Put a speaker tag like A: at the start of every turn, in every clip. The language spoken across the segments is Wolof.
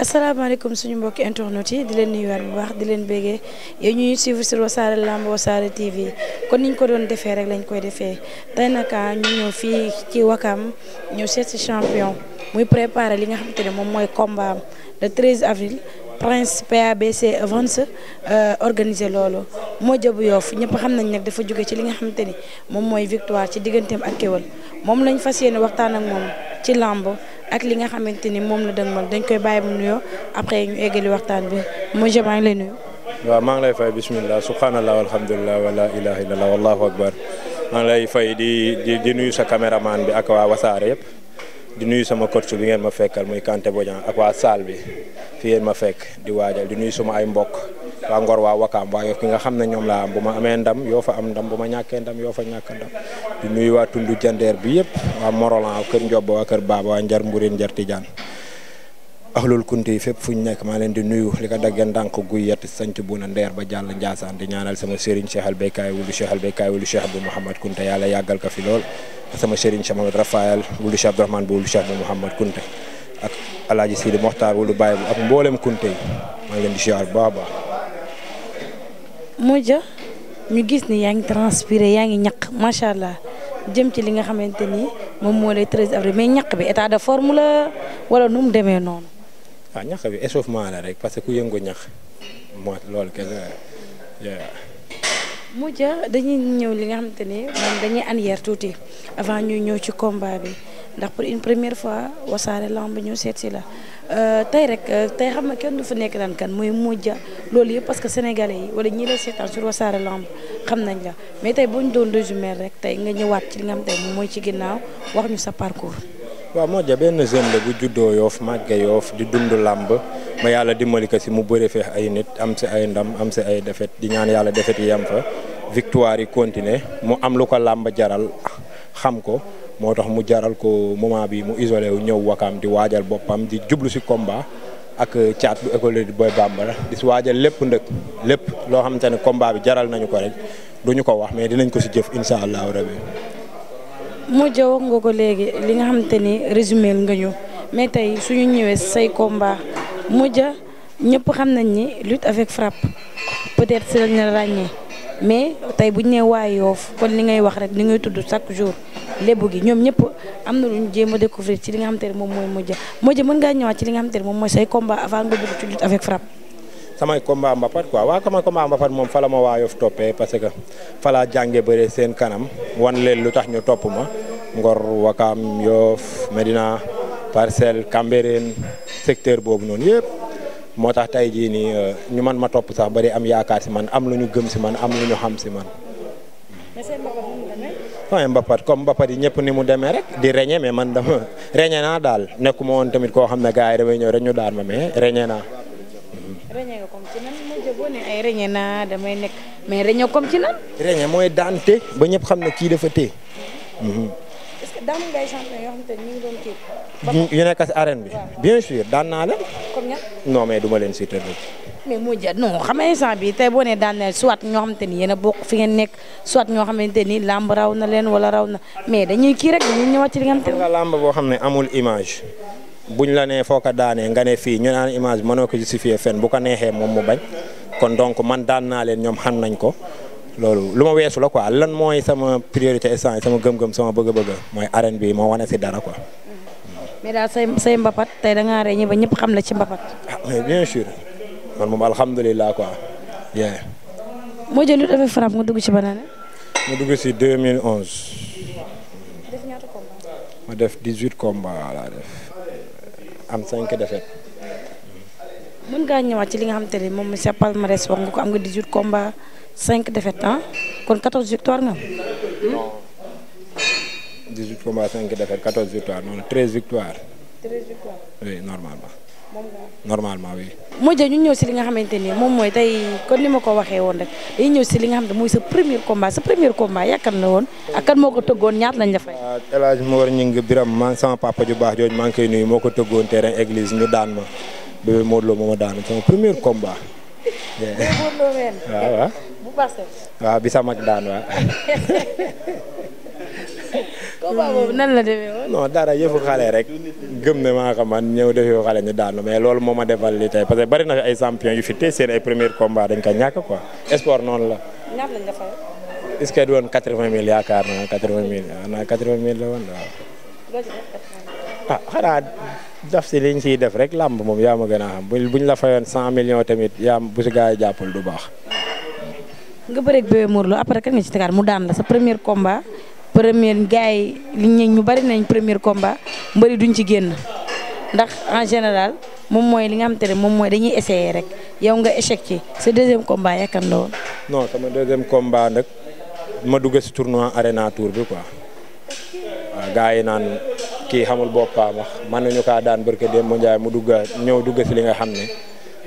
A: asalaamaaleykum suñu mbokki internet yi di leen nuyuwaat bu baax di leen béggee yow ñuy suivre sur wasaare lamb wasaare TV kon niñ ko doon defee rek lañ koy defee tey nag ah, ñu ñëw fii ci Wakam ñu seet si champion muy préparé li nga xamante ne moom mooy combat le 13 avril Prince PABC Events euh, organiser loolu moo jëbu yoof ñëpp xam nañ nag dafa jóge ci li nga xamante ni moom mooy victoire ci digganteem ak Kewel moom lañ fas yéene waxtaan ak moom ci lamb ak li nga xamante ni moom la dëgmal dañ koy bàyyi mu nuyoo après ñu eggali waxtaan bi monsieur maa ngi lay nuyu.
B: waaw maa ngi lay fay bisimilah subhanallah walhamdulilah wala ilaha illallah wallahu akbar maa ngi lay fay di di nuyu sa caméraman bi ak waa wasaare yëpp. di nuyu sama coach bi ngeen ma fekkal muy Kanté Bodian ak waa salle bi fi ma fekk di waaja di nuyu suma ay mbokk waa Ngor waa Wakaam waa ki nga xam ne ñoom laa am bu ma amee ndam yoo fa am ndam bu ma ñàkkee ndam yoo fa ñàkk ndam di nuyu waa tundu jandeer bi yëpp waa Morolan kër Ndiob waa kër Baaba waa Njar Mburin Njar Tijaan axlul kunti yi fépp fu ñu nekk maa leen di nuyu li ko daggee ndànk guy yett sanc bu na ndeer ba jàll njaasaan di ñaanal sama sëriñ Cheikh Albekaay wulu Cheikh Albekaay wulu Cheikh Abdou Mouhamad Kunta yàlla yàggal ko fi sama sëriñ Cheikh Mahamad Rafael wulu Cheikh Abdourahmane bu wulu Cheikh bu Mouhamad Kunte ak alaaji Sidi Moxtaar wulu Baye bu ak mboolem Kunte yi maa ngi di ziar bu baax a baax
A: Modja ñu gis ni yaa ngi transpiré yaa ngi ñaq macha allah jëm ci li nga xamante ni moom moo lay 13 avril mais ñaq bi état de forme la wala nu mu demee noonu.
B: waaw ah, ñaq bi échauffement la rek parce que ku yëngu ñaq mooy loolu kese euh, la
A: mu ja dañuy ñëw li nga xamante ni moom dañuy annière tuuti avant ñuy ñëw ci combat bi ndax pour une première fois wasaare lamb ñu seet si la euh, tey rek euh, tey xam na kenn du fa nekk naan kan mooy mujja loolu yëpp parce que sénégalais yi wala ñi lay seetaan sur wasaare lamb xam nañ la mais tey boo ñu doon résumé rek tey nga ñëwaat ci li nga xam te moom mooy ci ginnaaw wax ñu sa parcours.
B: waaw moo ja benn jeune la bu juddoo yoof màgge yoof di dund làmb ma yàlla dimbali ko si mu bëre feex ay nit am si ay ndam am si ay defet di ñaan yàlla defet yam am fa victoire yi continuer mu am lu ko làmb jaral xam ko moo tax mu jaral ko moment bi mu isolé wu ñëw wakaam di waajal boppam di jublu si komba ak caat bu école di Boy Bambara di si waajal lépp ndëkk lépp loo xamante ne combat bi jaral nañu ko rek duñu ko wax mais dinañ ko si jëf incha allahu rabi
A: mujj wax nga ko léegi li nga xamante ni résumé nga ñu mais tey suñu ñëwee say combat mujj ñëpp xam nañ ni lutte avec frappe peut-être si lañ la ràññee mais tey bu ñu nee waa Yoff kon li ngay wax rek li ngay tudd chaque jour lébu gi ñoom ñëpp am na lu ñu jéem a découvrir ci li nga xamante ne moom mooy mujj mujj mën ngaa ñëwaat ci li nga xamante ne moom mooy say combat avant nga dugg ci lutte avec frappe.
B: samay combat mbapat quoi waaw sama combat mbapat moom fala la ma waayof toppee parce que fa laa jànge bëre seen kanam wan leen lu tax ñu topp ma Ngor Wakaam Yoff Medina Parcelles Cambérène secteur boobu noonu yëpp moo tax tey jii nii euh, ñu man ma topp sax bari am yaakaar si man am lu ñu gëm si man am lu ñu xam si man. waaye mbapat comme mbapat yi ñëpp ni mu demee rek di reñe mais man dama reñe naa daal nekkuma woon tamit koo xam ne gars yi damay ñëw rek ñu daan ma mais reñe naa.
A: reñe ay reñe naa damay nekk mais reñe comme ci nan.
B: reñe mooy daan te ba ñëpp xam ne kii dafa téye. Mhm.
A: est-ce que daan ngay xam te ñu ngi
B: doon kii. bi. bien sûr naa leen. comme ñan. non mais duma leen citer rek.
A: mais moo jë xam nga instant bii tey boo nee daan na xamante ni yéen a bokk fi ngeen nekk soit ñoo xamante ni làmb raw na leen wala raw na mais dañuy kii rek dañuy ñëwaat ci li nga xamante
B: ni. làmb boo xam ne amul image. buñ la nee foo ko daanee nga ne fii ñu naan image bi ko justifier fenn bu ko neexee moom mu bañ kon donc man daan naa leen ñoom xam nañ ko loolu lu ma weesu la a lan mooy sama priorité instant sama gëm-gëm sama bëgg-bëgg mooy arène bi moo wane si dara quoi.
A: mais daal say mbapat tey da ngaa reñe ba ñëpp xam la ci mbapat.
B: ah mais moom alhamdulilah quoi.
A: moo jël lutte avec frappe nga dugg ci banane.
B: ma dugg si 2011.
A: def ñaata combat.
B: ma def 18 combat laa am cinq défaites.
A: mën ngaa ñëwaat ci li nga xam te ne moom sa palmarès wax nga ko am nga 18 combats 5 défaites ah kon 14 victoire nga am.
B: non 18 combats 5 défaites 14 victoire non 13 victoire. 13 victoire. oui normalement. normalement oui.
A: Modou Dia ñu ñëw si li nga xamante ni moom mooy tey kon ni ma ko waxee woon rek dañuy ñëw si li nga xam ne mooy sa premier combat sa premier combat yàkkan woon ak kan moo ko tëggoon ñaata lañ la fay. waaw
B: ah, El Hadj Mor ñu ngi biram man sama papa ju baax jooju maa ngi koy nuyu moo ko tëggoon terrain église ñu daan ma bébé Modou Lo moo ma daan sama premier combat.
A: waaw
B: waaw bi sama mag daan waaw.
A: combat hmm. boobu nan la demee
B: woon. non dara yëfu xale rek gëm maa xam man ñëw def yëfu xale ñu daanu mais loolu moo ma defal li tey parce que bari na ay champion yu fi tey seen ay premier combat dañ ko ñàkk quoi sport noonu la. ñaar que du woon quatre vingt mille yaakaar naa quatre ah, quatre vingt mille la ah, si liñ ciy làmb moom yaa ma gën a xam buñ la fayoon cent millions tamit yaa bu si gars yi jàppal du baax.
A: nga bëreeg Bébé Morlo après kan nga ci tegaat mu daan la sa premier combat première gars yi liñ ñu bari nañ premier combat mbëri duñ ci génn ndax en général moom mooy li nga xam xamante ne moom mooy dañuy essayer rek yow nga échec ci sa deuxième combat yaakaar la woon.
B: non sama deuxième combat nag ma dugg si tournoi arena tour bi quoi waaw yi naan kii xamul boppam wax mën nañu kaa daan barke Demba Ndiaye mu dugg ñëw dugg si li nga xam ne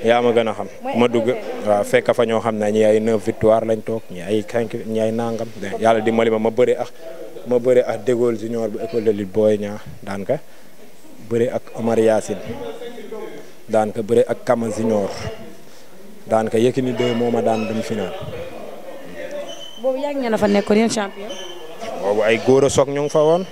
B: yaa ma gën a xam. ma dugg waaw fekk fa ñoo xam ne ñi ay 9 victoire lañ toog ñi ay 5 ñi ay nangam. yàlla ma bëri ak. ma bëri ak Dégol junior bu école de lutte ñaax Niang daan ak Omar Yacine daan ka bëri ak Kama junior daan ka Yékini deux moo ma daan dem final.
A: boobu yaa ngi na fa nekkoon yéen champion.
B: boobu ay góor a soog ñu ngi fa woon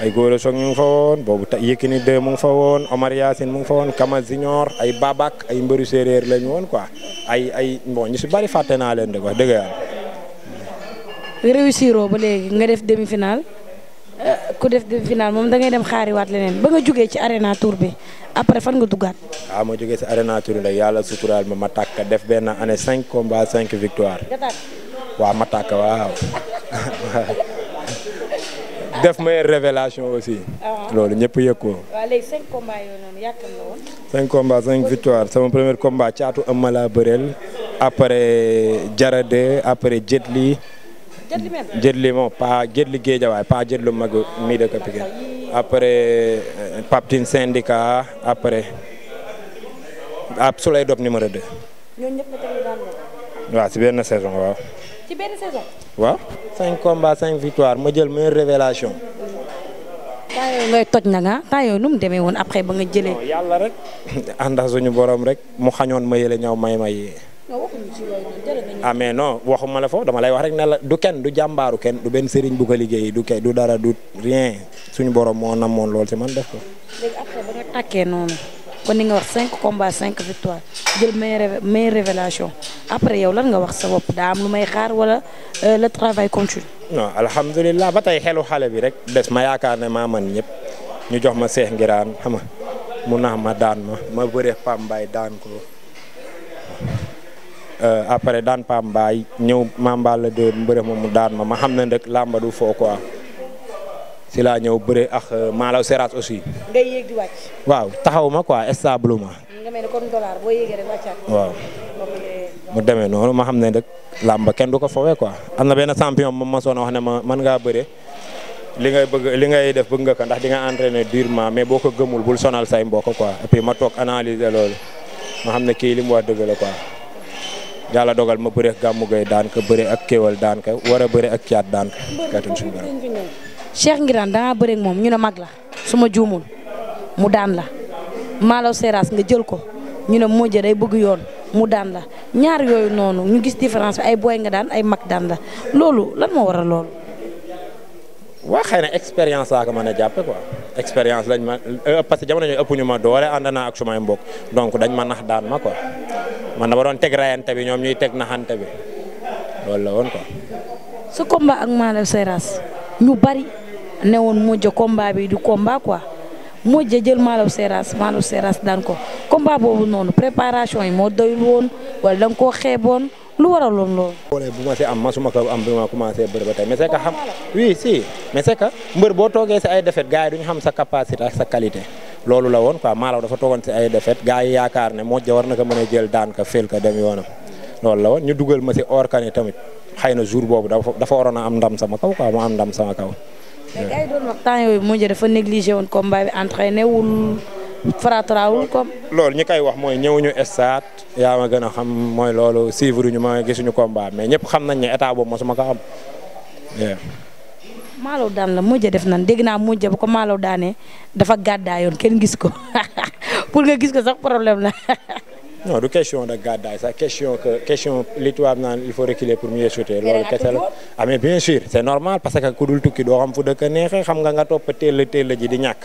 B: ay góor a soog ñu ngi fa woon boobu ta Yékini deux mu ngi fa woon Omar Yacine mu ngi fa woon Kama junior ay Babak ay mbëru séeréer lañu woon quoi ay ay bon ñu si bëri fàtte naa leen de wax dëgg yàlla.
A: réussiroo ba léegi nga def demi final euh, ku def demi final moom da ngay dem xaariwaat leneen ba nga jógee ci arena tour bi après fan nga duggaat.
B: waaw ah, ma jógee si arena bi nag yàlla suturaal ma ma tàkk def benn année cinq combats cinq victoire. waaw ma tàkk waaw. def aussi. Ah. loolu ñëpp yëg cinq victoire sama premier combat caatu am ma laa bëreel après Jarade après Jetli. Jëtli moom pas Jëtli Géejawaay pas Jëtlu mag mi dëkk Pikine après euh, Paptine syndicat après ab su lay dop numéro 2.
A: ñooñu ñëpp nga
B: waaw si benn saison cinq combats cinq victoires ma jël meilleure révélation.
A: temps yooyu ngay toj na nga ah, temps yooyu nu woon après ba nga jëlee.
B: yàlla rek suñu borom rek mu xañoon ma yële ñaw may may. amee no ah, waxuma la foofu dama lay wax rek ne la du kenn du jàmbaaru ken du benn sëriñ bu ko liggéey du kay du dara du rien suñu borom moo namoon lool si man def ko.
A: léegi ba nga noonu kon ni nga wax cinq combats cinq victoires jël meilleure meilleure révélation après yow lan nga wax sa bopp daa lu may xaar wala euh, le travail continue.
B: non alhamdulilah ba tey xelu xale bi rek des ma yaakaar ne maa man ñëpp ñu jox ma seex ngiraan xam nga mu nax ma daan ma ma bëre Pambaay daan ko. Euh, après daan Pam Mbaay ñëw Mame Balla de mbëre ma mu daan ma ma xam ne rek làmba du foo quoi si laa ñëw bëre ax euh, Malaw Seras aussi.
A: ngay yéeg di wàcc.
B: waaw taxaw ma quoi ma. nga ne waaw mu demee noonu ma xam ne rek làmba kenn du ko fowee quoi am na benn champion moom ma soon wax ne ma mën ngaa bëre. li ngay bëgg li ngay def bëgg nga ko ndax di nga entraîner durement mais boo ko gëmul bul sonal say mbokk quoi et ma toog analyser loolu ma xam ne kii li mu wax dëgg la yàlla dogal ma bëre ak Gamou Gueye daan ko bëre ak Kéwal daan ko war a bëre ak Thiat daan ko kàttan suñu borom.
A: Cheikh moom ñu ne mag la suma ma juumul mu daan la Malaw Seras nga jël ko ñu ne Modja day bëgg yoon mu daan la ñaar yooyu noonu ñu gis différence ay booy nga daan ay mag daan la loolu lan moo waral loolu.
B: waa xëy na expérience laa ko man a jàppe quoi expérience lañ ma euh, parce que jamono ñu ëpp ñu ma doole ànd naa ak sumay mbokk donc dañ ma nax daan ma ko man dama doon teg rayante bi ñoom ñuy teg naxante bi loolu la woon quoi.
A: sa combat ak Malick Seras ñu bari ne woon mujj combat bi du combat quoi mujj jël Malick Seras Malick Seras daan ko combat boobu noonu préparation yi moo doyul wala da ko xeeboon. lu waraloon loolu.
B: boole bu ma si am masuma ko am bi ma commencé bëri ba tey mais c'est xam si mais c'est que mbër boo toogee si ay défaite gars yaakaar ne moo ja war na ko a jël daan ka féel ka dem loolu la woon ñu dugal ma si orkani tamit xëy na jour boobu dafa dafa a am ndam sama kaw quoi mu am ndam sama kaw. mais
A: gars yi doon wax temps yooyu mujj dafa négligé faraataraawul comme.
B: loolu ñu koy wax mooy ñëwuñu stade yaa ma gën a xam mooy loolu suivre ñu ma gisuñu combat mais ñëpp xam nañ ne état boobu mosuma ko am.
A: maalaw daan la mujj def nan dégg naa mujj bu ko maalaw daanee dafa gàddaayoon kenn gis ko pour nga gis ko sax problème na
B: non du question de gàddaay sax question que question li tubaab naan il faut reculer pour mieux sauter loolu kese la ah bien sûr c'est normal parce que ku dul tukki doo xam fu dëkk xam nga nga topp teel a a ji di ñàkk.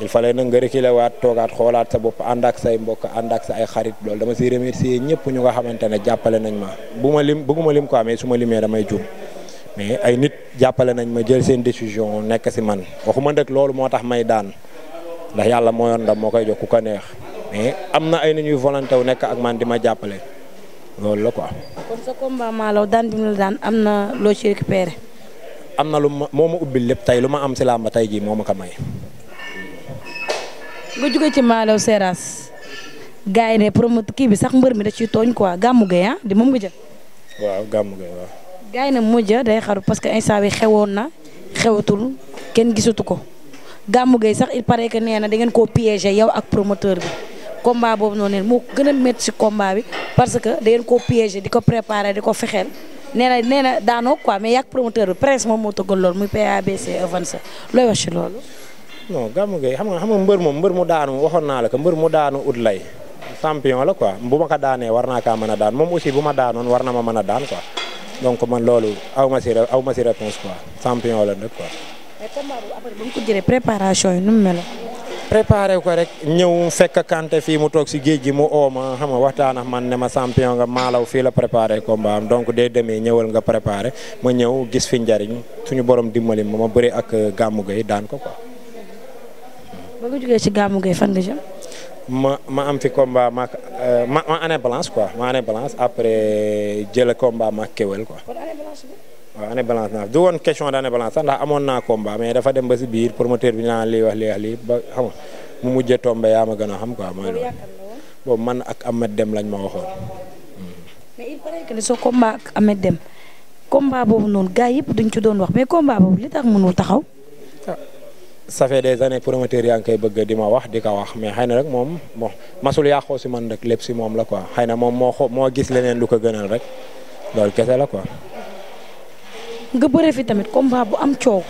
B: il fa nag nga reculer waat toogaat xoolaat sa bopp ànd ak say mbokk ànd ak sa ay xarit lool dama si remercier ñëpp ñu nga xamante ne jàppale nañ ma bu ma lim bëgguma lim ko amee suma ma limee damay juum mais ay nit jàppale nañ ma jël seen décision nekk si man waxuma nag loolu moo tax may daan ndax yàlla moo yor moo koy jox ku ko neex mais am na ay nit ñuy volonté wu nekk ak man di ma jàppale loolu la ko
A: kon daan bi am na loo ci
B: na lu ma moo ma ubbil lépp tey lu ma am si làmba tey jii moo ma ko may.
A: nga jóge ci Malaw Seras gars yi ne promoteur kii bi sax mbër mi da ciy tooñ quoi gàmmu gay ah di moom mu jël.
B: waaw gàmmu gay waaw.
A: gars mujj day xaru parce que instant bi xewoon na xewatul kenn gisatu ko gàmmu gay sax il paraît que nee na dangeen koo piéger yow ak promoteur bi combat boobu noonu leen gën a si combat bi parce que dangeen koo piéger di ko préparer di ko fexeel. nee na nee na daanoo quoi mais yàgg promoteur bi presse moom moo tëggal loolu muy PABC avance looy wax ci loolu.
B: non Gamou Gueye xam nga xam nga mbër moom mbër mu daanu waxoon naa la ko mbër mu daanu ut lay sampion la quoi bu ma ko daane war naa kaa mën a daan moom aussi bu ma daanoon war na ma mën a daan ko donc man loolu aw ma si aw ma si réponse quoi champion la nag quoi.
C: mais
A: ko yi nu mu
B: meloon. ko rek ñëw fekk Kanté fii mu toog si géej gi mu oo ma xam nga waxtaan ak man ne ma champion nga maalaw fii la préparé ko mbaam donc dee demee ñëwal nga préparé ma ñëw gis fi njariñ suñu borom dimbali ma ma bëri ak Gamou Gueye daan ko ko
A: ba nga jógee ci gàmmu gay fan nga jëm.
B: ma ma am fi combat ma euh, ma ma année balance quoi ma année après jël combat ma kéwél quoi. kon balance naa du woon question d' année balance sax ndax amoon naa combat mais dafa dem ba si biir promoteur bi naan lii wax lii wax lii ba xam nga mu mujjee tombé yaa ma xam quoi mooy loolu. boobu man ak Ahmed Dem lañ ma waxoon.
A: mais il paraît que sa combat ak Ahmed Dem combat boobu noonu gars yëpp duñ ci doon wax mais combat boobu li tax mënul taxaw.
B: ça fait des années promoteurs yaa ngi koy bëgg di ma wax di ko wax mais xëy na rek moom bon masul yàqoo si man rek lépp moom la ko xëy na moom moo xoo moo gis leneen lu ko gënal rek loolu kese la quoi.
A: nga bëre fi tamit combat bu am coow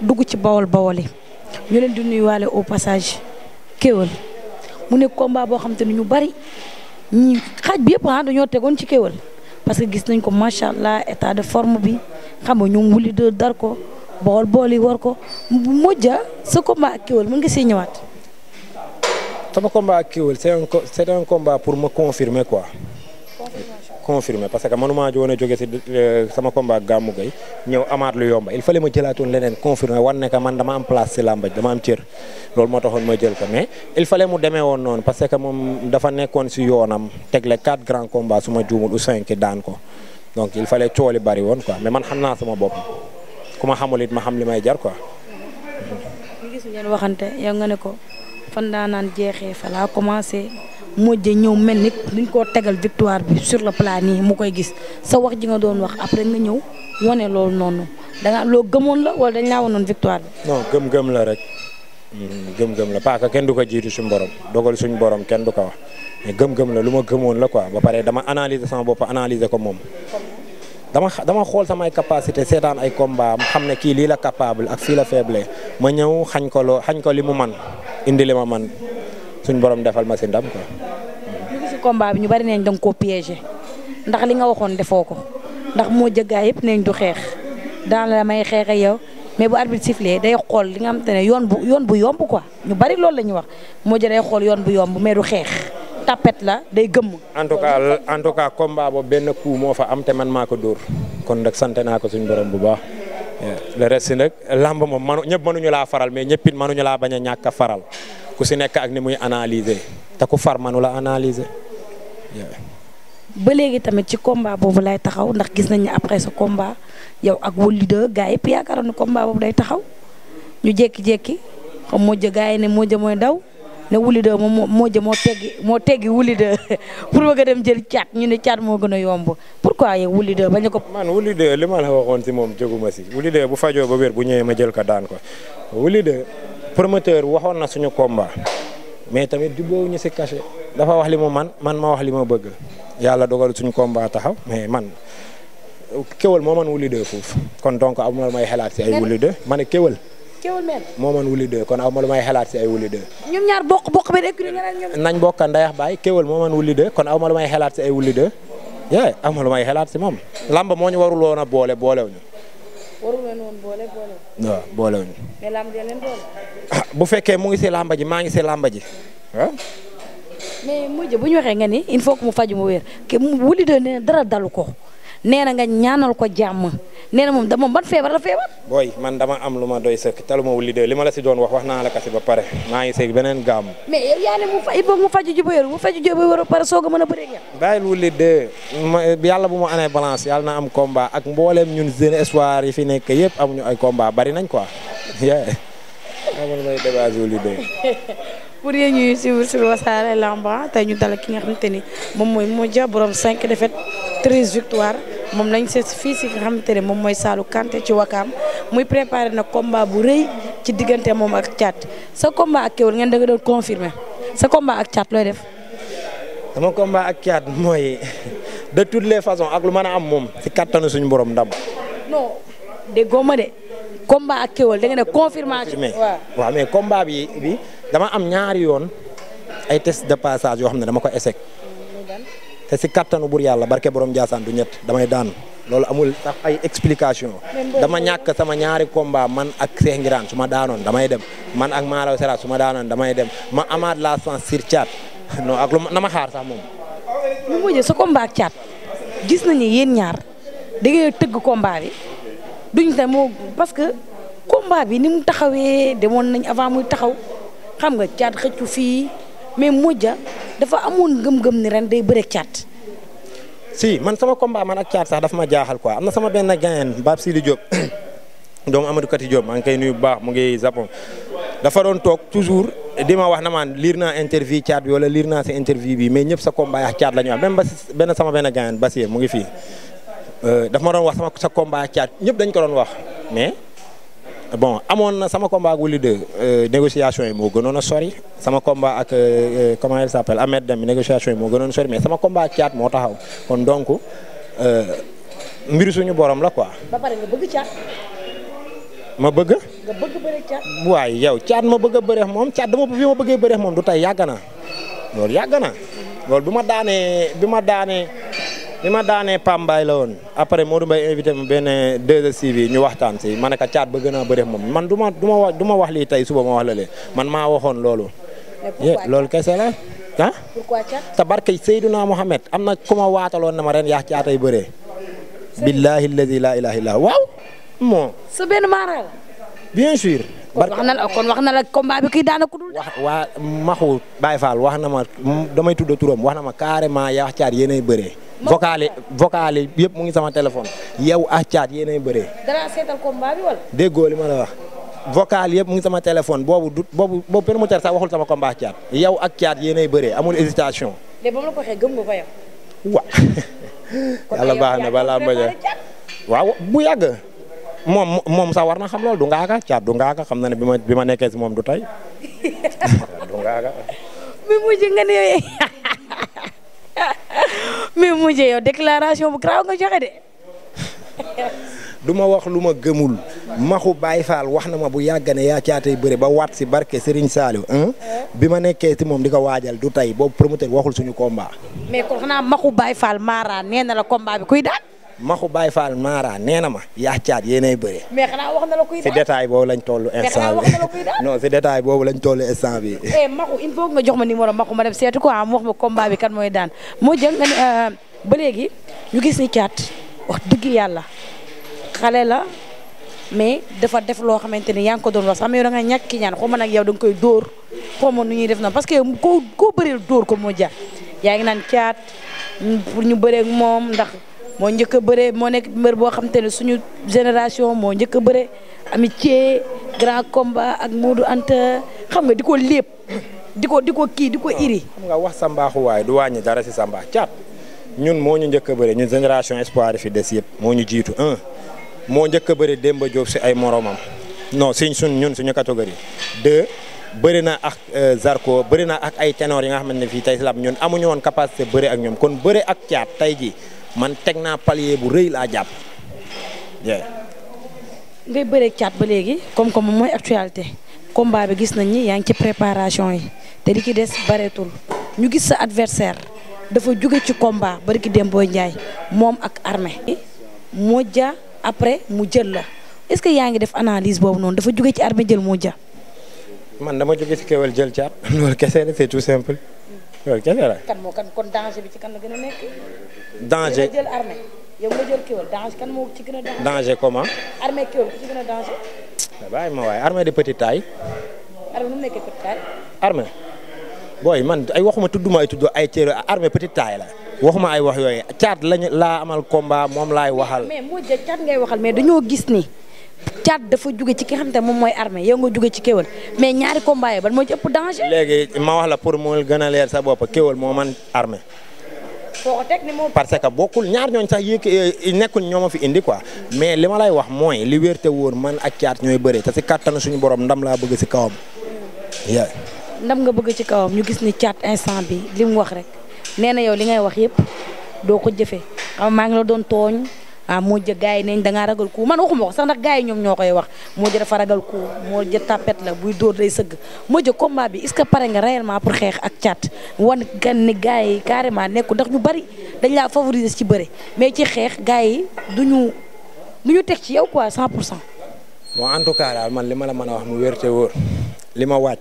A: dugg ci bawol bawol yi ñu leen di nuyuwaale au passage kéwal mu nekk combat boo xam te ni ñu bari ñi xaaj bi yëpp ah dañoo tegoon ci kéwal parce que gis nañ ko macha allah état de forme bi xam nga ñu dar ko. bool bool yi war ko mujja sa combat ak Keweul mën nga si ñëwaat.
B: sama combat ak Keweul c'est un c'est pour ma confirmer quoi. confirmer parce que manuma woon a jóge si euh, sama combat gàmmu Gamou Gueye ñëw amaat lu yomba il fallait ma jëlaatoon leneen confirme wan ne man dama am place si làmba dama am cër loolu moo taxoon ma jël ko mais il fallait mu demee woon noonu parce que moom dafa nekkoon si yoonam tegle quatre grands combats su ma juumul ou cinq daan ko donc il fallait cooli bari woon quoi mais man xam naa sama bopp. ku ma xamul it ma xam li may jar quoi.
A: ñu gis ngeen waxante yow nga ne ko fan daa naan jeexee fa laa commencé mujj ñëw mel ni luñ koo tegal victoire bi sur le plan nii mu koy gis sa wax ji nga doon wax après nga ñëw wane loolu noonu da nga loo gëmoon la wala dañ laa wanoon victoire bi.
B: non gëm-gëm la rek. gëm la parce que kenn du ko jiitu suñu borom dogal suñu borom kenn du ko wax mais gëm-gëm la lu ma gëmoon la quoi ba pare dama analyser sama bopp analyser ko moom dama dama xool samay capacité seetaan ay combat xam ne kii lii la capable ak fii la faible ma ñëw xañ ko loo xañ ko li mu man indi li ma man suñ borom defal ma si ndam quoi.
A: bi ñu bari nañ danga koo piégé ndax li nga waxoon defoo ko ndax moo jëggaay yëpp nañ du xeex daan la may xeex yow mais bu arbitre sifflé day xool li nga xam te ne yoon bu yoon bu yomb quoi ñu bari loolu la ñuy wax moo jë day xool yoon bu yomb mais du xeex. tapet la day gëmm.
B: en tout cas en tout cas combat boobu benn coup moo fa am te man maa ko dóor kon nag sante naa ko suñu borom bu baax. le reste nag lamb moom manu ñëpp mënuñu laa faral mais ñëpp it laa bañ a ñàkk a faral ku si nekk ak ni muy analyser te ku far mënu la
A: ba léegi tamit ci combat boobu lay taxaw ndax gis nañ ne après sa combat yow ak Wouly 2 gaa yëpp yaakaaroon ne combat boobu day taxaw ñu jékki-jékki xam Modou gaa yi ne Modou Dia mooy daw. ne wuli de moom moo jë moo teggi moo teggi wuli de dem jël caat ñu ne caat moo gën a yomb pourquoi yow wuli de
B: bañ ko. man wuli de li ma la waxoon si moom jóguma si wuli bu fajoo ba wér bu ñëwee ma jël ko daan ko wuli de promoteur waxoon na suñu combat mais tamit jubóowu ñu si cachet dafa wax li mu man man ma wax li ma bëgg yàlla dogal suñu combat taxaw mais man. kéwal moo man wuli de foofu kon donc amul may xalaat si ay wuli de ma ne kéwal Kéwul meen moo mën wuli deux kon aw ma lu may xalaat si ay wuli deux.
A: ñaar bokk bokk benn écurie
B: nañ bokk ndayax baay Kéwul moo mën wuli deux kon aw ma may xalaat si ay wuli yee aw ma may xalaat si moom. làmba moo ñu warul woon a boole boolewuñu.
A: warul woon woon boolewuñu. boolewuñu.
B: Ah, bu fekkee mu ngi si lamba ji maa ngi si lamba ji waaw.
A: mais mujj bu ñu waxee ni il faut mu faj mu wér ke wuli deux dara dalu ko nee na nga ñaanal ko jàmm nee na moom da moom ban feebar la feebar.
B: booy man dama am lu ma doy sëkk taluma wul li ma la si doon wax wax naa la kasi ba pare maa ngi sëkk beneen gàmm.
A: mais yow mu fa il faut mu faju ji ba wér mu faju ba pare soog a mën a bëree ngeen.
B: bàyyil ma yàlla bu ma anee balance na am komba ak mbooleem ñun jeune espoir yi fi nekk yëpp amuñu ay combat bari nañ quoi. amoon may débat wul li de.
A: pour yéen ñuy suivre sur Wassare ta tey ñu dala ki nga xamante ni moom mooy Modja borom 5 défaites 13 victoires moom lañ seet fii si nga xamante ne moom mooy Saalu Kanté ci Wakaam muy préparé na combat bu rëy ci diggante moom ak caat sa combat ak Kéwél ngeen da nga doon confirmé sa combat ak caat looy def.
B: sama combat mooy de toutes les façons ak lu mën a am moom si kattanu suñu borom ndam.
A: non déggoo ma de combat ak Kéwél da nga ne confirmation.
B: combat bi. dama am ñaari yoon ay test de passage yoo xam ne dama ko échec te si kattanu bur yàlla barke borom Ndiassane du ñett damay daan loolu amul sax ay explication dama ñàkk sama ñaari combat man ak Cheikh Ngiraan ma daanoon damay dem man ak Malaw Sera su ma daanoon damay dem ma amaat la chance sur Thiat ak lu na ma xaar sax moom.
A: mu mujj sa combat ak Thiat gis nañu yéen ñaar da ngay tëgg combat bi duñ te moo parce que combat bi ni mu taxawee demoon nañ avant muy taxaw. xam nga caat xëccu fii mais mujja dafa amoon gëm-gëm ni ren day bëre caat.
B: si man sama combat man ak caat sax dafa ma jaaxal ko am na sama benn gayen Bab Sidi Diop doomu Amadou Kati Diop maa ngi koy nuyu bu baax mu ngi Japon dafa doon toog toujours di ma wax na maan liir naa interview caat bi wala liir naa sa interview bi mais ñëpp sa combat ak caat la ñu wax même ba benn benn gayen Basir mu ngi fii euh, dafa doon wax sama sa combat ak ñëpp dañ ko doon wax mais. bon amoon na sama combat ak Wouly 2 euh, négociation yi moo gënoon a sori sama combat ak euh, euh, comment elle s'appelle Ahmed Deme négociation yi moo gënoon a sori mais sama combat ak caat moo taxaw kon donc mbiru suñu borom la quoi. ma bëgg.
A: nga
B: waaye yow caat ma bëgg a bëreex moom caat dama fi ma bëggee bëreex moom du tey yàgg na loolu yàgg na loolu bi ma daanee. li ma daanee Pambaay la woon après Modou Mbaye invité ma benn 2STV ñu waxtaan si ma ne ko caat ba gën a moom man du ma du ma wax du ma wax lii tey suba ma wax la man maa waxoon loolu. loolu kese la ah.
A: pourquoi caat te
B: barke Seydouna Mohamed am na ku ma waataloon na ma ren yaa caatay bëree. billahi allazi la ilaha illa waaw. moo sa benn bien sûr. kon wax na la
A: kon wax na la combat bi kii daanaka dul.
B: wax waa Maxu Baye Fall wax na ma damay tudd turam wax na ma carrément yaa caat yéenay bëree. vocal yi yëpp mu ngi sama téléphone yow ak caat yéenay bëree. dara seetal li ma la wax vocal yëpp mu ngi sama téléphone boobu du boobu boobu promoteur sax waxul sama combat ak caat yow ak caat yéenay bëree amul hésitation.
A: de ba mu la wa
B: waaw bu yàgg moom sax war na xam loolu du ngaaga caat du ngaaga xam na ne bi ma bi ma nekkee si moom du tay du ngaaga.
A: bi mujj nga ne mais mujjee yow déclaration bu garaaw nga joxe de.
B: du ma wax lu ma gëmul maxu Baye Fall wax na ma bu yàgg ne yaa caatay bëre ba wat si barke Serigne Saliou bi ma nekkee si moom di ko waajal du tey boobu promoteur waxul suñu combat.
A: mais kon xanaa maxu Baye Fall maara nee na la combat bi kuy daal.
B: maxu Baye Fall Mara nee na ma yaa caat yéenay bëre.
A: mais si détail
B: boobu lañ toll instant bi boobu lañ toll instant bi eh
A: maxu il faut nga jox ma numéro maxu ma dem seetu ko ah, mu wax ma combat bi kan mooy daan moo jël euh, ba léegi ñu gis ni caat wax dëgg yàlla xale la mais dafa def loo xamante ni yaa ngi ko doon wax sax nga ñàkk ki ñaan xaw ma nag yow da nga koy dóor xaw ma nu ñuy def na parce que koo koo bëreel dóor ko moo jaar yaa ngi naan caat pour ñu bëree moom ndax. moo njëkk a bëree moo nekk mbër boo xam te ne suñu génération moo njëkk a bëree ci grand combat ak Moodu Anta xam nga di ko lépp di ko di ko kii di ko iri.
B: xam nga wax sa mbaaxu waaye du wàññi dara si sa mbaax caat ñun moo ñu njëkk a ñun génération espoir fi des yëpp moo ñu jiitu moo njëkk bëri Demba Diop si ay moromam no si suñ ñun suñu catégorie deux. bëri na ak euh, Zarko bëri na ak ay ténor yi nga xamante ne fii tey si ñun amuñu woon capacité bëri ak ñoom kon bëri ak caat tey jii. man teg naa palier bu rëy laa jàpp.
A: ngay bëreeg caat ba léegi comme comme mooy actualité combat bi gis nañ ni yaa ngi ci préparation yi te li ci des bareetul ñu gis sa adversaire dafa jóge ci combat bari ki dem booy njaay moom ak armée moo ja après mu jël la est-ce que yaa ngi def analyse boobu noonu dafa jóge ci armée jël moo
B: ja. man dama jóge ci kéwél jël caat loolu kese danger jël
A: armée yow nga jël kéwél
B: ah, ma waaye armée de petite taille. armée nu booy man ay waxuma tudduma ay tudd ay cër armée petite taille la. waxuma ay wax yooyu caat lañ laa amal combat moom laay waxal. mais
A: moo jë caat ngay waxal mais dañoo gis ni caat dafa jóge ci ki nga xam te moom mooy armée yow nga juge ci kéwél mais ñaari combat yi ban moo ci ëpp danger.
B: léegi ma wax la pour mu gën a leer sa bopp kéwél moo man armée parce que bokkul ñaar ñooñ sax yéeg eh, nekkul ñoo ma fi indi quoi mais li ma lay wax mooy li wér te wóor man ak caat ñooy bëre te si kàttanu suñu borom ndam laa bëgg si kawam.
A: ndam nga bëgg ci kawam ñu gis ni caat instant bi li wax rek nee na yow li ngay wax yëpp doo ko jëfee xam maa ngi la doon tooñ. ah moo jë gaay yi neñ dangaa ragal ku man waxuma ko sax ndax gars yi ñoom ñoo koy wax moo jë dafa ragal ku moo jë tapet la buy dóor day sëgg moo jë combat bi est-ce que pare nga réellement pour xeex ak caat wan gan ni gars yi carrément nekku ndax ñu bari dañ laa favoriser ci bëre mais ci xeex gars yi du ñu teg ci yow quoi 100 pour cent.
B: bon en tout cas daal man li ma la mën a wax mu wér te wóor li ma waaj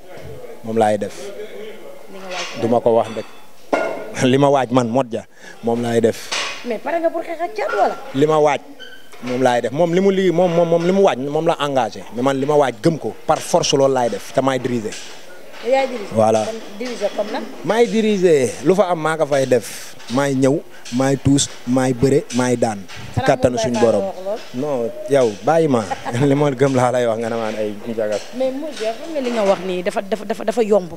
B: moom laay def duma ko wax rek li ma waaj man Modja moom laay def. mais pare nga li ma waaj moom laay def moom li mu lii moom moom li mu waaj moom la engagé mais man li ma waaj gëm ko par force loolu laay def te maay diriger.
A: voilà diriger comme nag.
B: lu fa am maa ko fay def. maay ñëw maay tuus maay bëre maay daan. kattanu suñu borom yaw yow bàyyi ma li ma gëm laa lay wax nga namaan ay njagas.
A: mais Modou Diop xam nga li nga wax nii dafa dafa dafa yomb.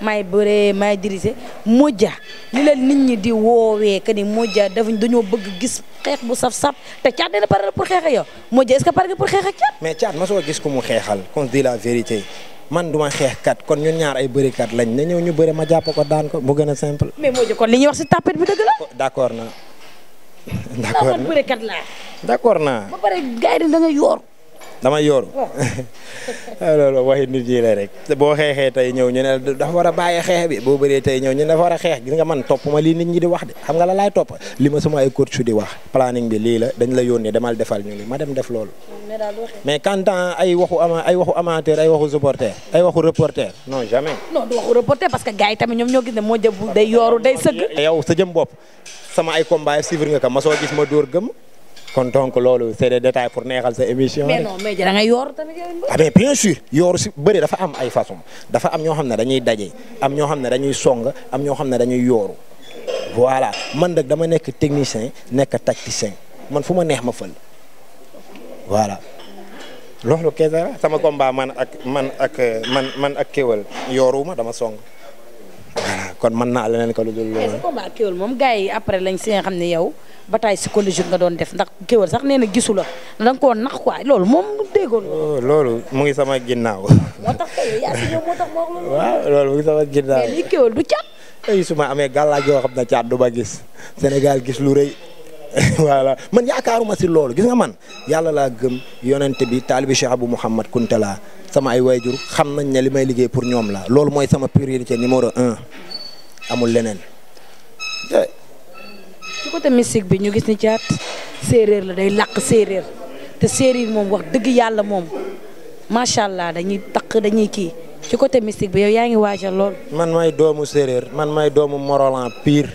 A: may bëree may diriger Modja li la nit ñi di woowee que ni Modja dafa dañoo bëgg gis xeex bu saf-saf te Thiat dina pare pour xeex ak yow Modja est-ce que pare nga pour xeex ak
B: Thiat. ma soo gis ku mu xeexal qu'on dit la vérité. man duma xeexkat kon ñun ñaar ay bërikat lañ ne ñëw ñu bëri ma jàpp ko daan ko mu gën a simple.
A: mais Modja kon li ñuy wax ci tapet bi dëgg
B: la. Oh, d'accord na. d'accord na bërikat laa. naa.
A: ba pare gars yi da damay yooru oh.
B: ah, loolu waxi nit yi rek boo xeexee tey ñëw ñu ne dafa war a bàyyi xeex bi boo bëree tey ñëw ñu ne dafa war a xeex gis nga man topp ma lii nit ñi di wax de xam nga la laay topp li ma sama ay coach su wax planning bi lii la dañ la yónnee demal defal ñu li ma dem def loolu mm, mais quand ay waxu ama ay waxu amateur ay waxu supporter ay waxu reporter non jamais
A: non du waxu reporter parce que gars yi tamit ñoom ñoo gis ne moo jëbu day yooru day sëgg
B: yow sa jëm bopp sama ay combat suivre nga ko ma soo gis ma dóor gëm kon donc loolu c'est des détails pour neexal sa émission. mais non
A: mais da ngay yooru
B: bien sûr yooru si bëri dafa am ay façon dafa am ñoo xam ne dañuy daje am ñoo xam ne dañuy song am ñoo xam ne dañuy yooru voilà man nag dama nekk technicien nekk tacticien man fu ma neex ma fël voilà. loolu kese sama combat man ak man ak man man ak kéwal yooru dama song. Ah, kon mën naa leneen ko lu dul. mais
A: moom gars yi après lañ si nga xam ne yow bataille psychologique nga doon def ndax kéwél sax nee na gisu la da nga koo loolu moom déggoon.
B: Oh, loolu mu ngi sama ginnaaw. moo tax kay yaa si loolu. waaw loolu mu ngi sama ginnaaw du cat. ay su ma amee gàllaaj yoo xam ne cat du ma gis Sénégal gis lu rëy. voilà man yaakaaruma si loolu gis nga man yàlla laa gëm yonente bi taalibi Cheikh Abou Mouhamad Kunta laa sama ay waajur xam nañ ne li may liggéey pour ñoom laa loolu mooy sama priorité numéro un amul leneen.
A: ci côté mystique bi ñu gis ni caat séeréer la day làq séeréer te séeréer moom wax dëgg yàlla moom macha allah dañuy taq dañuy kii ci côté mystique bi yow yaa ngi waajal lool.
B: man may doomu séeréer man may doomu Morolan piir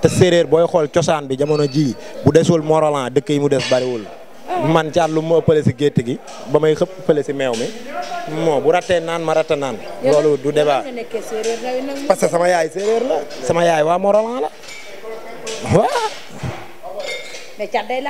B: te séeréer booy xool cosaan bi jamono ji bu desul Morolan dëkk yi mu des bariwul man caat lu ma ëppale si gétt gi ba may xëpp ëppale si meew mi moo bu rattee naan ma ratta naan loolu du débat parce que sama yaay séeréer la sama yaay waa Morolan la mais cat day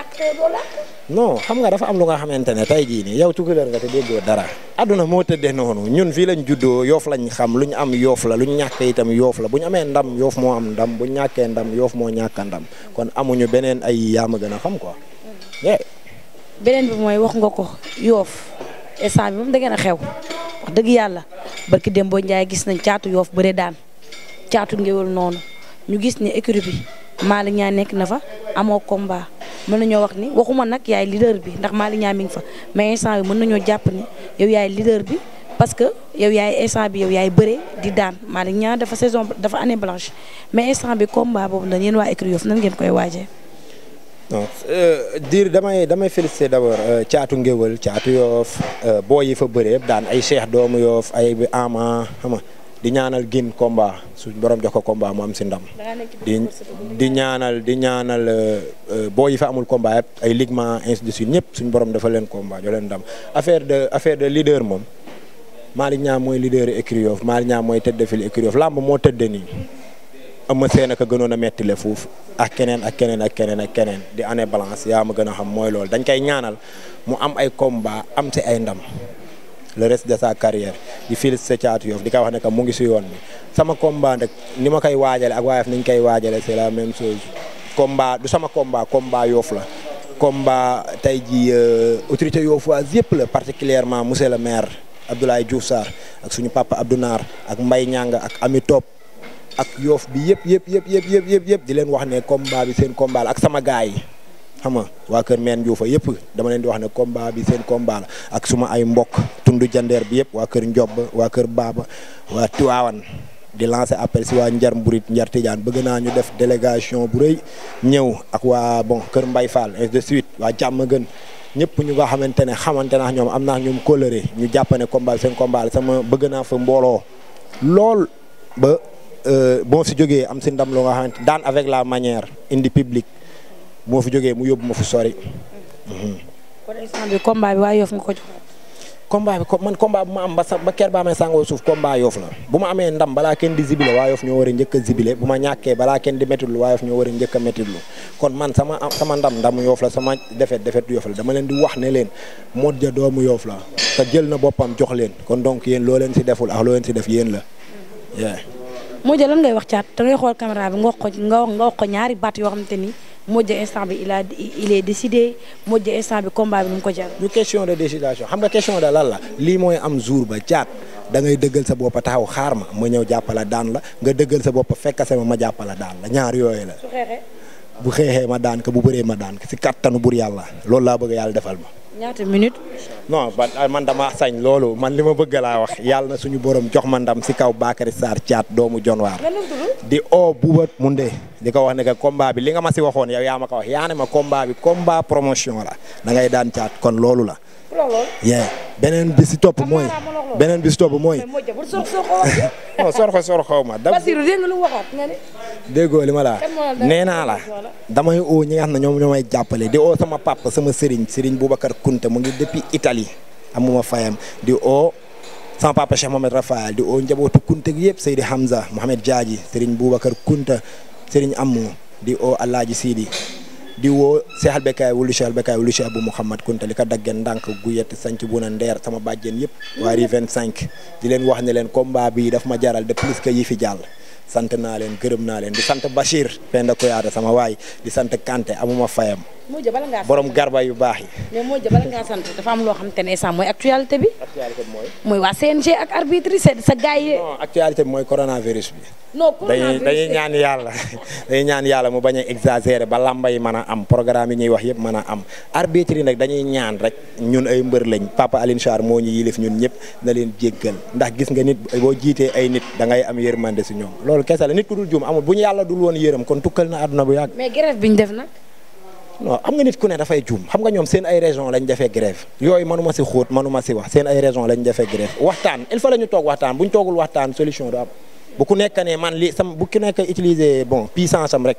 B: non xam nga dafa am lu nga xamante ne tey jii nii yow tukulóor nga te déggoo dara adduna moo tëddee noonu ñun fii lañ juddoo yoof lañ xam lu ñu am yoof la lu ñu ñàkk itam yoof la bu ñu amee ndam yoof moo am ndam bu ñàkkee ndam yoof moo ñàkk ndam kon amuñu beneen ay yaama gën a xam ko
A: mm. beneen bi mooy wax nga ko yoof instant bi moom da ngeen a xew wax dëgg yàlla barki Dembo Ndiaye gis nañ caatu yoof bëre daan caatu ngéwél noonu ñu gis ni écurie bi Malick Niang nekk na fa amoo combat mën na ñoo wax ni waxuma nag yaay leader bi ndax Malick Niang mi ngi fa mais instant bi mën nañoo jàpp ni yow yaay leader bi parce que yow yaay instant bi yow yaay bëre di daan Malick Niang dafa saison dafa année blanche mais instant bi combat boobu nag yéen waa écurie Yoff nan ngeen koy waajee.
B: non euh, diir damay damay féliciter d'abord euh, caatu ngéwël caatu yoof euh, boo yi fa bëree daan ay Cheikh doomu yoof ay bi xam nga di ñaanal gin combat suñ borom jox ko combat mu am si ndam. di ñaanal di ñaanal euh, euh, boo yi fa amul combat ay ligement ainsi de ñëpp suñ borom dafa leen combat jox leen ndam affaire de affaire de leader moom Malick Niang mooy leader écurie Yoff Malick Niang mooy tête de file écurie moo tëddee nii. Eumeu Sène ak gënoon a metti le foofu a keneen ak keneen ak keneen ak keneen di année balance yaa ma gën a xam mooy loolu dañ koy ñaanal mu am ay combat am si ay ndam. le reste de sa carrière di félicité Thiatou Yoff di ko wax ne que mu ngi si yoon bi sama combat nag ni ma koy waajale ak waayef ni ñu koy waajale c'est la même chose combat du sama combat combat Yoff la combat tey ji euh, autorité yoofoise yëpp la particulièrement monsieur le maire Abdoulaye Diouf ak suñu papa Abdou ak Mbaye Niang ak Ami Top ak Yoff bi yëpp yëpp yëpp yëpp yëpp yëpp di leen wax ne combat bi seen combat la ak sama gaay yi ma nga waa kër meen Diouf yëpp dama leen di wax ne combat bi seen combat la ak suma ay mbokk tundu jandeer bi yëpp wa kër Ndiob wa kër Baba waa Tiwaawan di lancer appel si waa Njar Mburit Njar Tidiane bëgg naa ñu def délégation bu rëy ñëw ak waa bon kër Mbay Fall et de suite waa jàmm gën ñëpp ñu nga xamante ne xamante naa ñoom am naa ñoom coloré ñu jàpp ne combat seen combat la sama bëgg naa fa mbooloo lool ba euh, boo si jógee am si ndam loo nga xamante daan avec la moo fi jógee mu yóbbu ma fu sori.
A: kon instant bi ko
B: man combat bu ma am ba sax ba ker ba amee sangoo suuf combat Yoff la bu ma amee ndam balaa kenn di zibile waa Yoff ñoo war a njëkk bu ma ñakkee balaa kenn di méttilu waa Yoff ñoo war a njëkk a méttilu kon man sama sama ndam ndamu Yoff la sama defet defet Yoff la dama leen di wax ne leen Modou Dia doomu Yoff la te jël na boppam jox leen kon donc yéen loo leen si deful ak loo leen def yéen la.
A: Modou Dia lan ngay wax caat da ngay xool caméra bi nga wax ñaari baat yoo te ni. Modou Dia instant bi il a il est décidé Modou Dia instant bi combat bi nu mu ko jar.
B: du question de décision xam nga question de lan la lii mooy am jour ba caat da ngay dëggal sa bopp taxaw xaar ma ma ñëw jàppala daan la nga dëggal sa bopp fekk sama ma jàppala daan la ñaar yooyu la. bu xeexee ma daan ko bu bëree ma daan ko si kattanu bur yàlla loolu laa bëgg yàlla defal ma. ñaata minute. non ah, man dama sañ loolu man li ma bëgg laa wax yàlla na suñu borom jox mandam si kaw Bakary Sarr caat doomu Jonwaar. di oo Bouba Moundé di ko wax ne que combat bi li nga ma si waxoon yow yaa ma ko wax yaa ne ma combat bi combat promotion la da ngay daan caat kon loolu la. yee beneen bi si mooy beneen bi si mooy. non sorxo sorxo ma. Basiru dégg nga li ma la nee naa la damay oo ñi nga xam ne ñoom ñoo jàppale di oo sama papa sama sëriñ sëriñ Boubacar Kunte mu ngi depuis Italie amuma fayam di oo. sama papa Cheikh Mohamed Rafaal di oo njabootu Kunta gi yëpp Seydi Hamza Mohamed Diadji sëriñ Boubacar Kunta Serigne Amou di oo Alaaji Sidi di woo seexal bekaay wulu seexal bekaay wulu seex bu Mouhamad Kunta li ko daggeen ndànk gu yett sanc bu na ndeer sama bàjjen yëpp waa ri 25 di leen wax ne leen combat bii daf ma jaral de plus que yi fi jàll sant naa leen gërëm naa leen di sant Bachir Penda Koyaate sama waay di sant Kanté amuma fayam
A: Modou bala ngaa borom
B: garba yu baax yi.
A: mais Modou dafa am loo xam ne sax mooy actualité bi. actualité bi mooy. waa CNG ak arbitre sa sa gars yi. non
B: actualité bi mooy coronavirus bi.
A: non coronavirus dañuy
B: ñaan yàlla dañuy ñaan yàlla mu bañ a exagérer ba lamba yi mën a am programme yi ñuy wax yëpp mën a am arbitre yi nag dañuy ñaan rek ñun ay mbër lañ papa Aline Sarr moo ñu yilif ñun ñëpp na leen jéggal ndax gis nga nit boo jiitee ay nit da ngay am yërmande si ñoom loolu kese la nit ku dul juum amul bu ñu yàlla dul woon yërëm kon tukkal na àdduna bu yàgg. bi ñu def nag non xam nga nit ku ne dafay juum xam nga ñoom seen ay raison lañ defee grève yooyu manuma si xóot manuma si wax seen ay raison lañ defee grève waxtaan il fa la ñu toog waxtaan bu ñu toogul waxtaan solution du am bu nekk ne man li sam bu ku nekk utiliser bon puissance am rek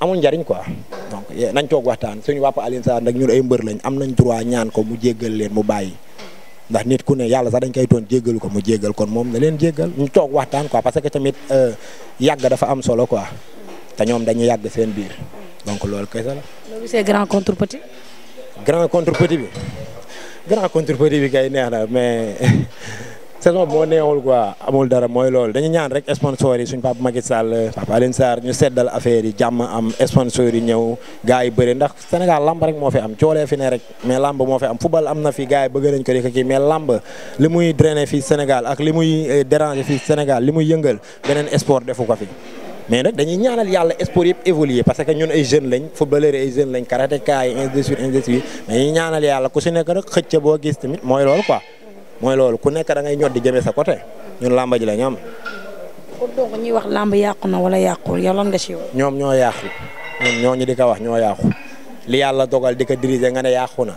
B: amul njariñ quoi donc eh, nañ toog waxtaan suñu wàpp Alioune Sarr nag ñun ay mbër lañ am nañ droit ñaan ko mu jéggal leen mu bàyyi ndax nit ku ne yàlla sax dañ koy toon jéggalu ko mu jéggal kon moom na leen jéggal ñu toog waxtaan quoi parce que tamit euh, yàgg dafa am solo quoi te ñoom dañuy yàgg seen biir donc loolu kay sa la.
A: loo gisee grand contre
B: petit. grand contre petit bi grand contre bi kay neex na mais saison bi moo neexul quoi amul dara mooy loolu dañu ñaan rek sponsors yi suñ papa Macky Sall papa Alioune Sarr ñu seddal affaire yi jàmm am sponsors yi ñëw gars yi bëri ndax Sénégal lamb rek moo fi am coolee fi ne rek mais lamb moo fi am football am na fi yi bëgg nañ ko di mais lamb li muy drainer fii Sénégal ak li muy euh, déranger fii Sénégal li muy yëngal beneen sport defu ko fi. mais nag dañuy ñaanal yàlla sport yëpp évoluer parce que ñun ay jeunes lañ footballeur ay jeunes lañ karatéka yi ainsi de suite ainsi de suite dañuy ñaanal yàlla ku si nekk nag xëcc boo gis tamit mooy loolu quoi mooy loolu ku nekk da ngay ñor di jamee sa côté ñun làmba ji la ñoom.
A: kon ñuy wax làmb yàqu na wala yàqul yow lan nga si
B: ñoom ñoo yàqu ñoo ñu di ko wax ñoo yàqu li yàlla dogal di ko diriger nga ne yàqu na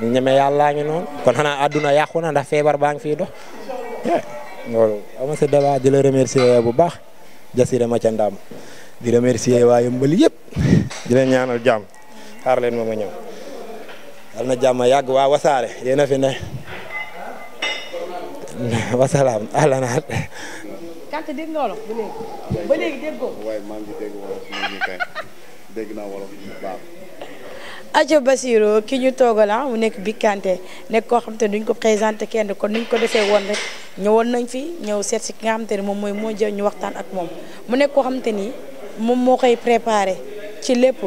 B: ñeme yàllaa ngi noonu kon xanaa àdduna yàqu na ndax feebar baa ngi fiy dox eh, loolu ama di la remercier bu baax Jassiré Mathia Ndam di remercier waa Yeumbeul yëpp di leen ñaanal jàmm xaar leen ma ma ñëw yal na jàmm yàgg waa wasaare yéen a fi ne wasalaam alanaat.
A: Kanté dégg
C: dégg ko. waaye
A: ajo Basiro ki ñu toogal ah, mu nekk Big Kanté nekk koo xam te duñ ko présenté kenn kon nuñ ko defee woon rek ñëwoon nañ fi ñëw seet si ki nga xam te ni moom mooy moo jël ñu waxtaan ak moom mu nekk koo ni moom moo koy préparé ci lépp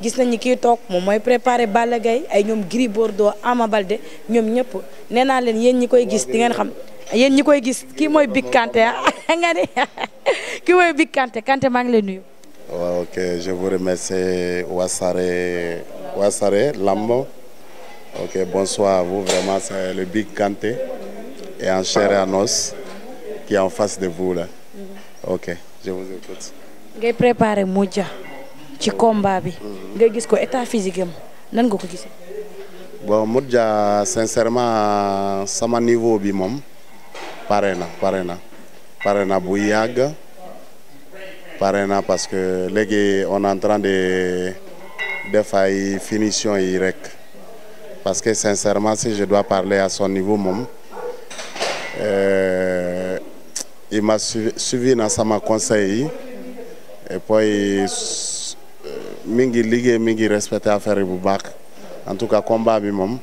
A: gis nañu kii toog moom mooy préparé Balla Gaye ay ñoom Gris Bordeaux Ama Baldé ñoom ñëpp nee naa leen yéen ñi koy gis di ngeen xam yéen ñi koy gis kii mooy Big Kanté ah nga ni kii mooy Big Kanté Kanté maa ngi lay nuyu.
C: waaw ok je vous remercie Wassare, Lambo. Ok, bonsoir à vous. Vraiment, c'est le Big Kanté et en chair et en os en face de vous là. Ok, je vous écoute.
A: ngay ci combat bi. nga gis ko état physique am nan nga ko gisee.
C: bon Modja sincèrement sama niveau bi moom pare na pare na pare na bu yàgg pare na parce que léegi on est en train de. def ay finition yi rek parce que sincèrement si je dois parler à son niveau moom euh, il m'a suivi na sama conseil yi et puis euh, mi ngi liggéey mi ngi respecté affaire yi bu baax en tout cas combat bi moom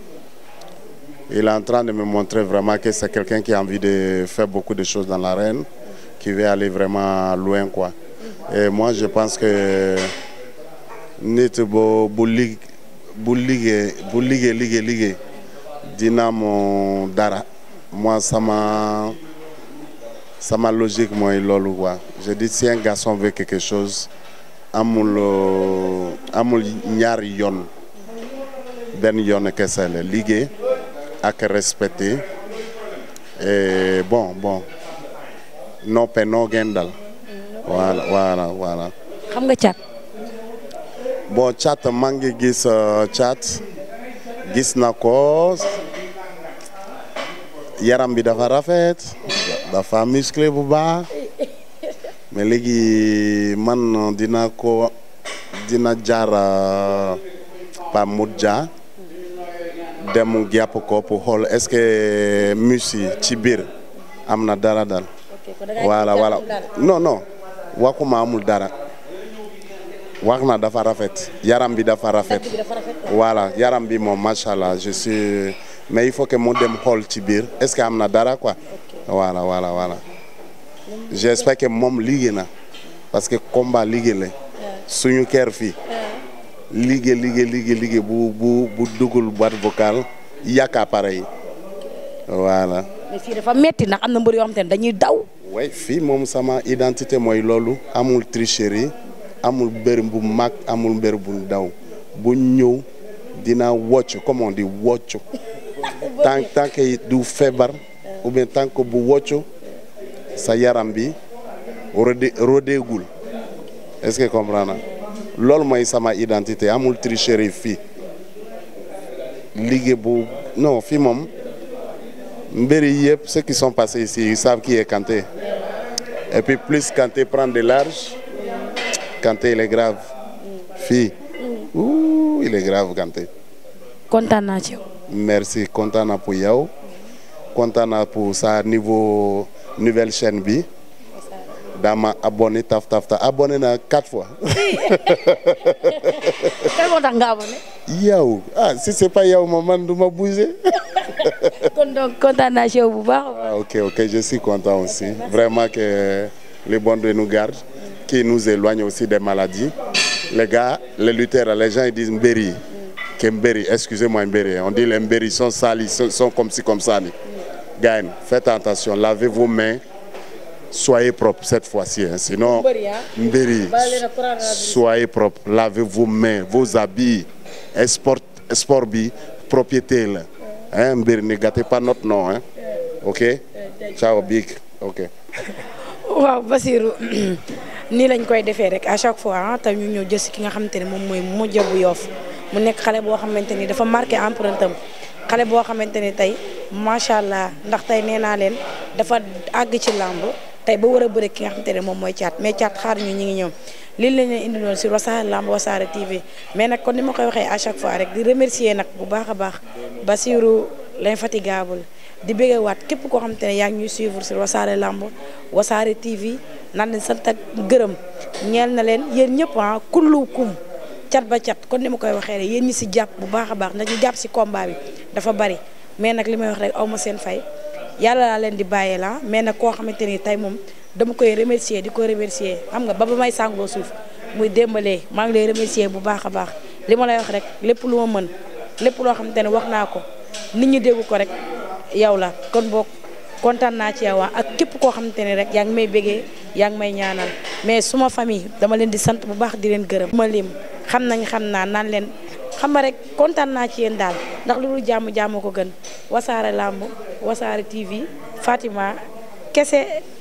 C: il est en train de me montrer vraiment que c'est quelqu'un qui a envie de faire beaucoup de choses dans l'arène qui veut aller vraiment loin quoi et moi je pense que nit bu bu lig bu liggéey liggéey liggéey liggéey dina mu dara moi sama sama logique mooy loolu quoi je dis si un garçon veut quelque chose amul euh, amul ñaari yoon benn yoon kese la liggéey ak respecté et bon bon noppee noo gën dal. Mm, voilà voilà bon Thiat maa ngi gis Thiat euh, gis na ko yaram bi dafa rafet dafa musclé bu baax mais léegi man dina ko dina jaar euh, Pa Modja dem jàpp ko pour xool est-ce que mus yi ci biir am na dara daal.
A: voilà voilà non non
C: waxuma amul dara. wax dafa rafet yaram bi dafa rafet voilà yaram bi moom macha allah je mais il faut que mu dem xool ci biir est-ce que am na dara quoi voilà voilà voilà j'espère que moom liggée na parce que combat liggéey la suñu kër fii liggéey liggéey liggéey liggéey bu bu bu dugul boîte vocale yàq appareil yi voilà.
A: mais metti ndax am na mbër yo xam te dañuy daw.
C: way fii moom sama identité mooy loolu amul tricherie. amul mbër bu mag amul mbër bu ndaw bu ñëw dina wocc comme on dit wocc tant tant que du feebar ou bien tant que bu wocc sa yaram bi rodé est-ce que comprendre loolu mooy sama identité amul tricherie fii liggéey bu no fii moom mbér mbëri yëpp ceux qui sont passés ici ils savent qui est Kanté et puis plus Kanté prend de large Kanté il est grave. fii. Mm. ouh il est grave Kanté.
A: kontaan naa ci yow.
C: merci kontaan naa pour yow. kontaan naa pour sa niveau nouvelle chaîne bi. dama abonné taf taf taf abonné na quatre fois. kan yow ah si c'est pas yow ma man du ma bougé.
A: kon bu
C: baax. ah ok ok je suis content aussi. Merci. vraiment que les bons de nous gardent. qui nous éloigne aussi des maladies. Les gars, les lutteurs, les gens ils excusez-moi Mbéri, on dit les Mbéri sont salis, sont comme ci comme ça. Gagne, faites attention, lavez vos mains, soyez propres cette fois-ci. soyez propres, lavez vos bi, propriété. Là. Hein, ne gâtez pas notre nom. Hein. Ok? Ciao, big. Ok.
A: nii lañ koy defee rek à chaque fois ah, te ñu ñëw jësi ki nga xamante ne moom mooy mujj bu yoof mu nekk xale boo xamante ni dafa marqué empreinte xale boo xamante ni tey macha allah ndax tey nee naa leen dafa àgg ci làmb tey ba war a bëre ki nga xamante ne moom mooy caat mais caat xaar ñu ñu ngi ñëw lii la ñu indi loon sur Wassare Lamb Wassare TV mais nag kon ni ma koy waxee à chaque fois rek di remercier nag bu baax a baax ba Basirou l'infatigable di bëggewaat képp koo xam te ne yaa ngi ñuy suivre sur wasaare lamb wasaare TV naan leen sant ak gërëm ñeel na leen yéen ñëpp ah kullu kum cat ba cat kon ni ma koy waxee rek yéen ñi si jàpp bu baax a baax ndax ñu jàpp si combat bi dafa bari mais nag li may wax rek aw ma seen fay yàlla laa leen di bàyyee la mais nag koo xamante ni tey moom dama koy remercier di ko remercier xam nga ba ba may sàngoo suuf muy démbalee maa ngi lay remercier bu baax a baax li ma lay wax rek lépp lu ma mën lépp loo xamante ne wax naa ko nit ñi dégg ko rek. yow la kon boog kontaan naa ci yow ak képp koo xamante ne rek yaa may bëggee yaa ngi may ñaanal mais suma famille dama leen di sant bu baax di leen gërëm. ma lim xam nañ xam naa naan leen xam nga rek kontaan naa ci yéen daal ndax loolu jàmm jàmm ko gën wasaare làmb wasaare TV Fatima kese.